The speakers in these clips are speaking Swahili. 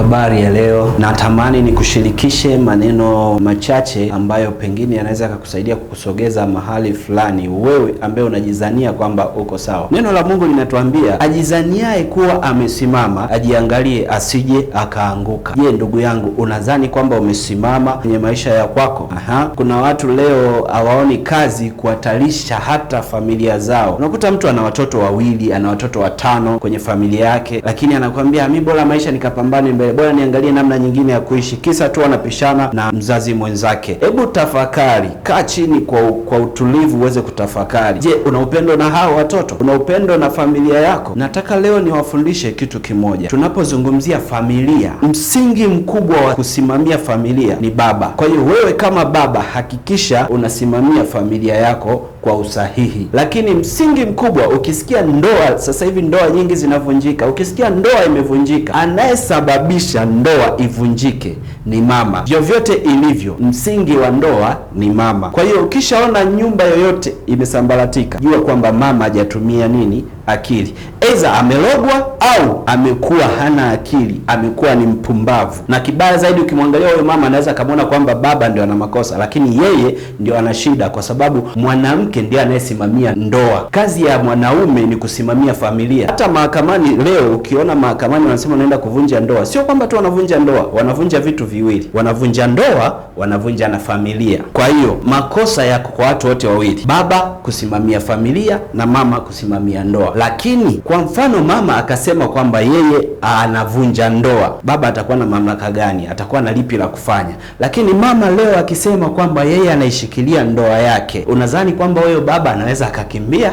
habari ya leo. Natamani nikushirikishe maneno machache ambayo pengine yanaweza yakakusaidia kukusogeza mahali fulani, wewe ambaye unajizania kwamba uko sawa. Neno la Mungu linatuambia ajizaniaye kuwa amesimama ajiangalie, asije akaanguka. Je, ndugu yangu, unadhani kwamba umesimama kwenye maisha ya kwako? Aha. Kuna watu leo hawaoni kazi kuhatarisha hata familia zao. Unakuta mtu ana watoto wawili, ana watoto watano kwenye familia yake, lakini anakuambia mi bora maisha nikapambane mbele mbele, eh, bora niangalie namna nyingine ya kuishi, kisa tu anapishana na mzazi mwenzake. Hebu tafakari, kaa chini kwa, kwa utulivu uweze kutafakari. Je, una upendo na hao watoto? Una upendo na familia yako? Nataka leo niwafundishe kitu kimoja. Tunapozungumzia familia, msingi mkubwa wa kusimamia familia ni baba. Kwa hiyo wewe kama baba, hakikisha unasimamia familia yako kwa usahihi. Lakini msingi mkubwa, ukisikia ndoa, sasa hivi ndoa nyingi zinavunjika. Ukisikia ndoa imevunjika, anayesababisha ndoa ivunjike ni mama. Vyovyote ilivyo, msingi wa ndoa ni mama. Kwa hiyo ukishaona nyumba yoyote imesambaratika, jua kwamba mama hajatumia nini akili, eza amelogwa au amekuwa hana akili, amekuwa ni mpumbavu. Na kibaya zaidi, ukimwangalia huyo mama anaweza akamwona kwamba baba ndio ana makosa, lakini yeye ndio ana shida, kwa sababu mwanamke ndiye anayesimamia ndoa. Kazi ya mwanaume ni kusimamia familia. Hata mahakamani leo, ukiona mahakamani wanasema wanaenda kuvunja ndoa, sio kwamba tu wanavunja ndoa, wanavunja vitu viwili, wanavunja ndoa, wanavunja na familia. Kwa hiyo makosa yako kwa watu wote wawili, baba kusimamia familia na mama kusimamia ndoa. Lakini kwa mfano mama akasema kwamba yeye anavunja ndoa, baba atakuwa na mamlaka gani? Atakuwa na lipi la kufanya? Lakini mama leo akisema kwamba yeye anaishikilia ndoa yake, unadhani kwamba huyo baba anaweza akakimbia?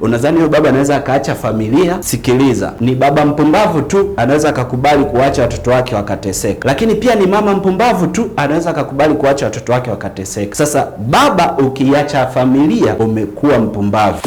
Unadhani huyo baba anaweza akaacha familia? Sikiliza, ni baba mpumbavu tu anaweza akakubali kuacha watoto wake wakateseka, lakini pia ni mama mpumbavu tu anaweza akakubali kuacha watoto wake wakateseka. Sasa baba, ukiacha familia umekuwa mpumbavu.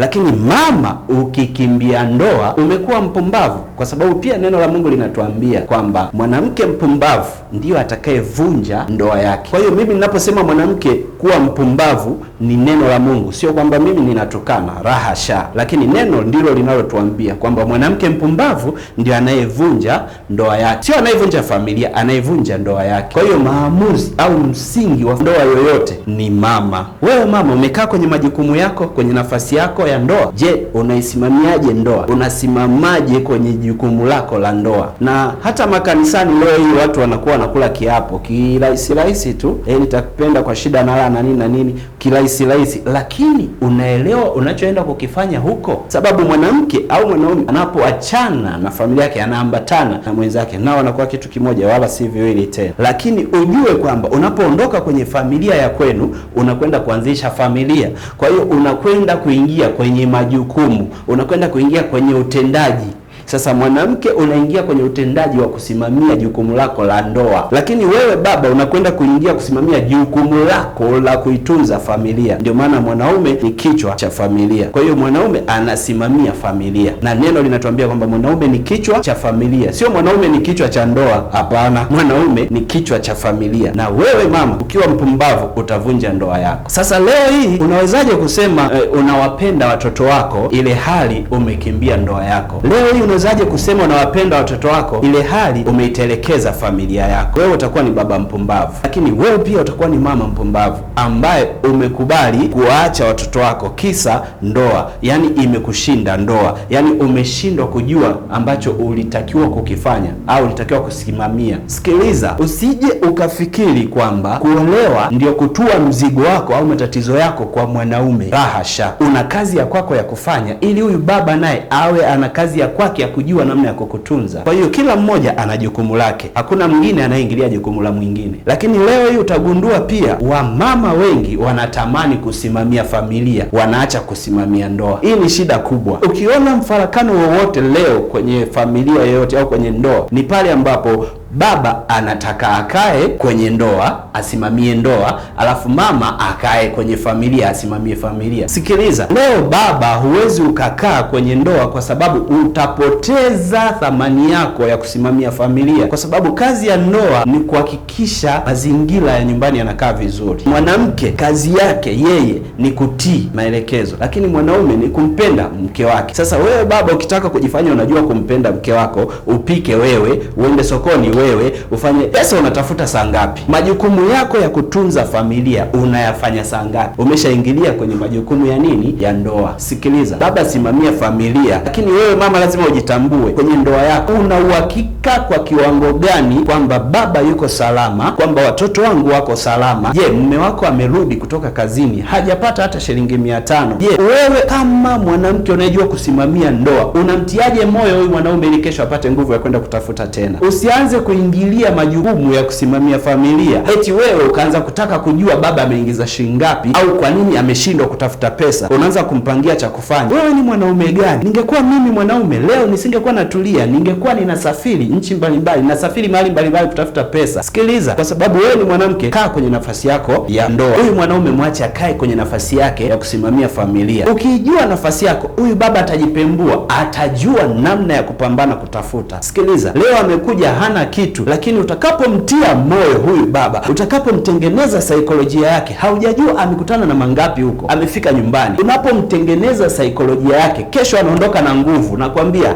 Lakini mama, ukikimbia ndoa umekuwa mpumbavu, kwa sababu pia neno la Mungu linatuambia kwamba mwanamke mpumbavu ndiyo atakayevunja ndoa yake. Kwa hiyo mimi ninaposema mwanamke kuwa mpumbavu ni neno la Mungu, sio kwamba mimi ninatukana rahasha, lakini neno ndilo linalotuambia kwamba mwanamke mpumbavu ndio anayevunja ndoa yake, sio anayevunja familia, anayevunja ndoa yake. Kwa hiyo maamuzi au msingi wa ndoa yoyote ni mama. Wewe mama, umekaa kwenye majukumu yako, kwenye nafasi yako ya ndoa. Je, unaisimamiaje ndoa? Unasimamaje kwenye jukumu lako la ndoa? Na hata makanisani leo hii watu wanakuwa wanakula kiapo kirahisi rahisi tu, eh, nitakupenda kwa shida na raha na nini na nini, kirahisi rahisi, lakini unaelewa unachoenda kukifanya huko? Sababu mwanamke au mwanaume anapoachana na familia yake anaambatana na mwenzake, nao wanakuwa kitu kimoja, wala si viwili tena. Lakini ujue kwamba unapoondoka kwenye familia ya kwenu unakwenda kuanzisha familia, kwa hiyo unakwenda kuingia kwenye majukumu, unakwenda kuingia kwenye utendaji sasa mwanamke, unaingia kwenye utendaji wa kusimamia jukumu lako la ndoa, lakini wewe baba unakwenda kuingia kusimamia jukumu lako la kuitunza familia. Ndio maana mwanaume ni kichwa cha familia. Kwa hiyo mwanaume anasimamia familia, na neno linatuambia kwamba mwanaume ni kichwa cha familia, sio mwanaume ni kichwa cha ndoa. Hapana, mwanaume ni kichwa cha familia, na wewe mama ukiwa mpumbavu utavunja ndoa yako. Sasa leo hii unawezaje kusema eh, unawapenda watoto wako ile hali umekimbia ndoa yako? Leo hii unawezaje kusema unawapenda watoto wako ile hali umeitelekeza familia yako? Wewe utakuwa ni baba mpumbavu, lakini wewe pia utakuwa ni mama mpumbavu ambaye umekubali kuwaacha watoto wako kisa ndoa, yani imekushinda ndoa, yani umeshindwa kujua ambacho ulitakiwa kukifanya au ulitakiwa kusimamia. Sikiliza, usije ukafikiri kwamba kuolewa ndio kutua mzigo wako au matatizo yako kwa mwanaume. rahasha una kazi ya kwako ya kufanya ili huyu baba naye awe ana kazi ya kwake kujua namna ya kukutunza. Kwa hiyo kila mmoja ana jukumu lake, hakuna mwingine anayeingilia jukumu la mwingine. Lakini leo hii utagundua pia wamama wengi wanatamani kusimamia familia, wanaacha kusimamia ndoa. Hii ni shida kubwa. Ukiona mfarakano wowote leo kwenye familia yoyote au kwenye ndoa, ni pale ambapo baba anataka akae kwenye ndoa asimamie ndoa, alafu mama akae kwenye familia asimamie familia. Sikiliza, leo baba, huwezi ukakaa kwenye ndoa kwa sababu utapoteza thamani yako ya kusimamia familia, kwa sababu kazi ya ndoa ni kuhakikisha mazingira ya nyumbani yanakaa vizuri. Mwanamke kazi yake yeye ni kutii maelekezo, lakini mwanaume ni kumpenda mke wake. Sasa wewe baba, ukitaka kujifanya unajua kumpenda mke wako, upike wewe, uende sokoni wewe ufanye pesa. Unatafuta saa ngapi? Majukumu yako ya kutunza familia unayafanya saa ngapi? Umeshaingilia kwenye majukumu ya nini, ya ndoa. Sikiliza, baba simamia familia, lakini wewe mama lazima ujitambue kwenye ndoa yako. Una uhakika kwa kiwango gani kwamba baba yuko salama, kwamba watoto wangu wako salama? Je, mume wako amerudi kutoka kazini hajapata hata shilingi mia tano? Je, wewe kama mwanamke unayejua kusimamia ndoa unamtiaje moyo huyu mwanaume ili kesho apate nguvu ya kwenda kutafuta tena? Usianze kuingilia majukumu ya kusimamia familia, eti wewe ukaanza kutaka kujua baba ameingiza shilingi ngapi au kwa nini ameshindwa kutafuta pesa, unaanza kumpangia cha kufanya. Wewe ni mwanaume gani? Ningekuwa mimi mwanaume leo nisingekuwa natulia, ningekuwa ninasafiri nchi mbalimbali, nasafiri mahali mbalimbali kutafuta pesa. Sikiliza, kwa sababu wewe ni mwanamke, kaa kwenye nafasi yako ya ndoa. Huyu mwanaume mwache akae kwenye nafasi yake ya kusimamia familia. Ukiijua nafasi yako, huyu baba atajipembua, atajua namna ya kupambana kutafuta. Sikiliza, leo amekuja hana kitu kitu, lakini utakapomtia moyo huyu baba, utakapomtengeneza saikolojia yake, haujajua amekutana na mangapi huko, amefika nyumbani, unapomtengeneza saikolojia yake, kesho anaondoka na nguvu, nakwambia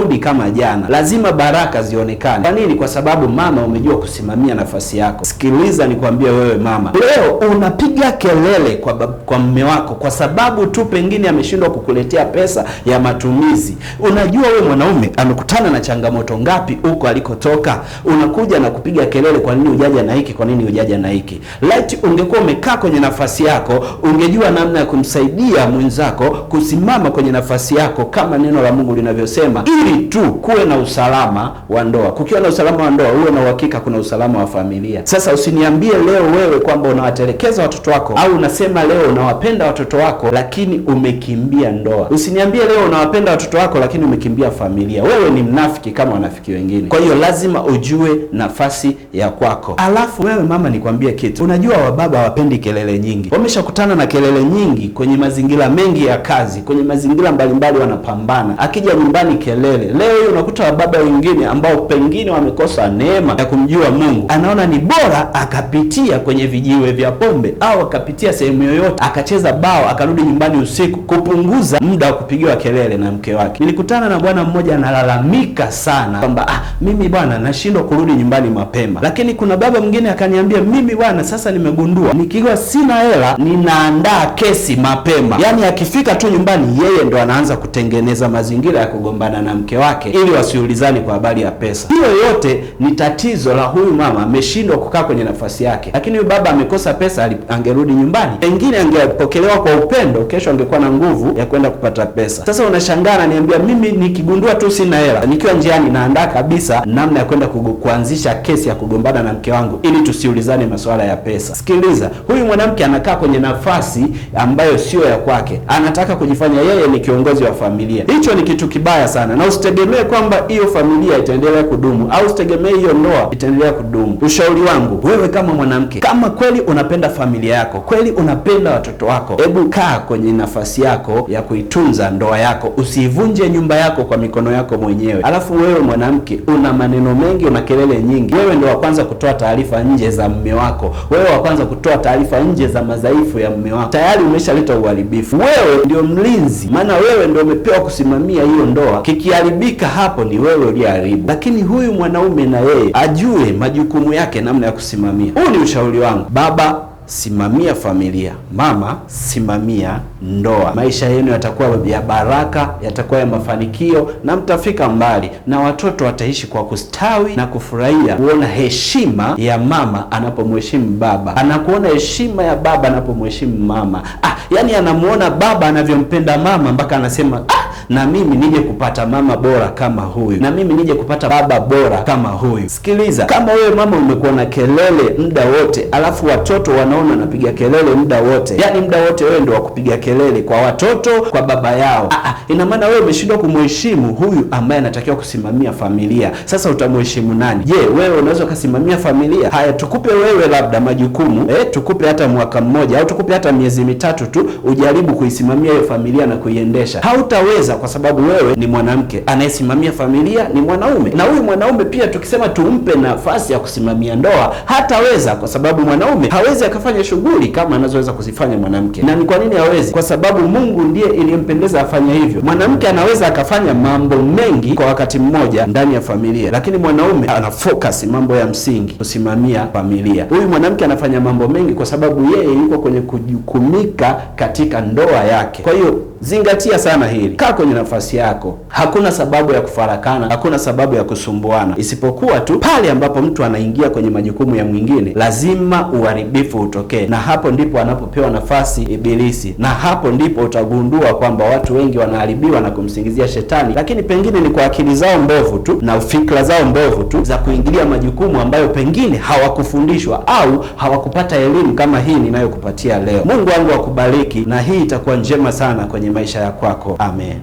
rudi kama jana. Lazima baraka zionekane. Kwa nini? Kwa sababu mama, umejua kusimamia nafasi yako. Sikiliza nikwambie wewe mama, leo unapiga kelele kwa, kwa mme wako kwa sababu tu pengine ameshindwa kukuletea pesa ya matumizi. Unajua wewe mwanaume amekutana na changamoto ngapi huko alikotoka? haraka, unakuja na kupiga kelele, kwa nini ujaja na hiki, kwa nini ujaja na hiki? Laiti ungekuwa umekaa kwenye nafasi yako, ungejua namna ya kumsaidia mwenzako kusimama kwenye nafasi yako kama neno la Mungu linavyosema, ili tu kuwe na usalama wa ndoa. Kukiwa na usalama wa ndoa, uwe na uhakika kuna usalama wa familia. Sasa usiniambie leo wewe kwamba unawatelekeza watoto wako, au unasema leo unawapenda watoto wako lakini umekimbia ndoa. Usiniambie leo unawapenda watoto wako lakini umekimbia familia. Wewe ni mnafiki kama wanafiki wengine. Kwa hiyo lazima ujue nafasi ya kwako. Alafu wewe mama, nikwambie kitu, unajua wababa hawapendi kelele nyingi. Wameshakutana na kelele nyingi kwenye mazingira mengi ya kazi, kwenye mazingira mbalimbali wanapambana, akija nyumbani kelele. Leo hiyo unakuta wababa wengine ambao pengine wamekosa neema ya kumjua Mungu, anaona ni bora akapitia kwenye vijiwe vya pombe au akapitia sehemu yoyote akacheza bao akarudi nyumbani usiku kupunguza muda wa kupigiwa kelele na mke wake. Nilikutana na bwana mmoja analalamika sana kwamba ah, mimi bwana nashindwa kurudi nyumbani mapema. Lakini kuna baba mwingine akaniambia, mimi bwana, sasa nimegundua nikiwa sina hela ninaandaa kesi mapema, yaani akifika tu nyumbani yeye ndo anaanza kutengeneza mazingira ya kugombana na mke wake ili wasiulizane kwa habari ya pesa. Hiyo yote ni tatizo la huyu mama, ameshindwa kukaa kwenye nafasi yake. Lakini huyu baba amekosa pesa, angerudi nyumbani, pengine angepokelewa kwa upendo, kesho angekuwa na nguvu ya kwenda kupata pesa. Sasa unashangaa, ananiambia mimi nikigundua tu sina hela, nikiwa njiani naandaa kabisa namna ya kwenda kwenda kuanzisha kesi ya kugombana na mke wangu ili tusiulizane masuala ya pesa. Sikiliza, huyu mwanamke anakaa kwenye nafasi ambayo sio ya kwake, anataka kujifanya yeye ni kiongozi wa familia. Hicho ni kitu kibaya sana, na usitegemee kwamba hiyo familia itaendelea kudumu au usitegemee hiyo ndoa itaendelea kudumu. Ushauri wangu wewe, kama mwanamke, kama kweli unapenda familia yako, kweli unapenda watoto wako, hebu kaa kwenye nafasi yako ya kuitunza ndoa yako, usiivunje nyumba yako kwa mikono yako mwenyewe. Alafu wewe mwanamke, una maneno mengi, una kelele nyingi. Wewe ndio wa kwanza kutoa taarifa nje za mume wako, wewe wa kwanza kutoa taarifa nje za madhaifu ya mume wako, tayari umeshaleta uharibifu. Wewe ndio mlinzi, maana wewe ndio umepewa kusimamia hiyo ndoa. Kikiharibika hapo ni wewe uliyeharibu, lakini huyu mwanaume na yeye ajue majukumu yake, namna ya kusimamia. Huu ni ushauri wangu baba simamia familia, mama simamia ndoa. Maisha yenu yatakuwa ya baraka, yatakuwa ya mafanikio na mtafika mbali, na watoto wataishi kwa kustawi na kufurahia kuona heshima ya mama anapomheshimu baba, anakuona heshima ya baba anapomheshimu mama. Ah, yani anamuona baba anavyompenda mama mpaka anasema ah! na mimi nije kupata mama bora kama huyu, na mimi nije kupata baba bora kama huyu. Sikiliza, kama wewe mama umekuwa na kelele muda wote, alafu watoto wanaona napiga kelele muda wote, yaani muda wote wewe ndio wakupiga kelele kwa watoto, kwa baba yao, ah, ah, ina maana wewe umeshindwa kumheshimu huyu ambaye anatakiwa kusimamia familia. Sasa utamheshimu nani? Je, wewe unaweza ukasimamia familia? Haya, tukupe wewe labda majukumu eh, tukupe hata mwaka mmoja au tukupe hata miezi mitatu tu, ujaribu kuisimamia hiyo familia na kuiendesha, hautaweza kuweza, kwa sababu wewe ni mwanamke anayesimamia familia ni mwanaume, na huyu mwanaume pia tukisema tumpe nafasi ya kusimamia ndoa hataweza, kwa sababu mwanaume hawezi akafanya shughuli kama anazoweza kuzifanya mwanamke. Na ni kwa nini hawezi? Kwa sababu Mungu ndiye iliyempendeza afanye hivyo. Mwanamke anaweza akafanya mambo mengi kwa wakati mmoja ndani ya familia, lakini mwanaume ana focus mambo ya msingi, kusimamia familia. Huyu mwanamke anafanya mambo mengi kwa sababu yeye yuko kwenye kujukumika katika ndoa yake. Kwa hiyo zingatia sana hili kaa kwenye nafasi yako. Hakuna sababu ya kufarakana, hakuna sababu ya kusumbuana, isipokuwa tu pale ambapo mtu anaingia kwenye majukumu ya mwingine, lazima uharibifu utokee, na hapo ndipo anapopewa nafasi Ibilisi, na hapo ndipo utagundua kwamba watu wengi wanaharibiwa na kumsingizia Shetani, lakini pengine ni kwa akili zao mbovu tu na fikra zao mbovu tu za kuingilia majukumu ambayo pengine hawakufundishwa au hawakupata elimu kama hii ninayokupatia leo. Mungu wangu akubariki, na hii itakuwa njema sana kwenye maisha ya kwako. Amen.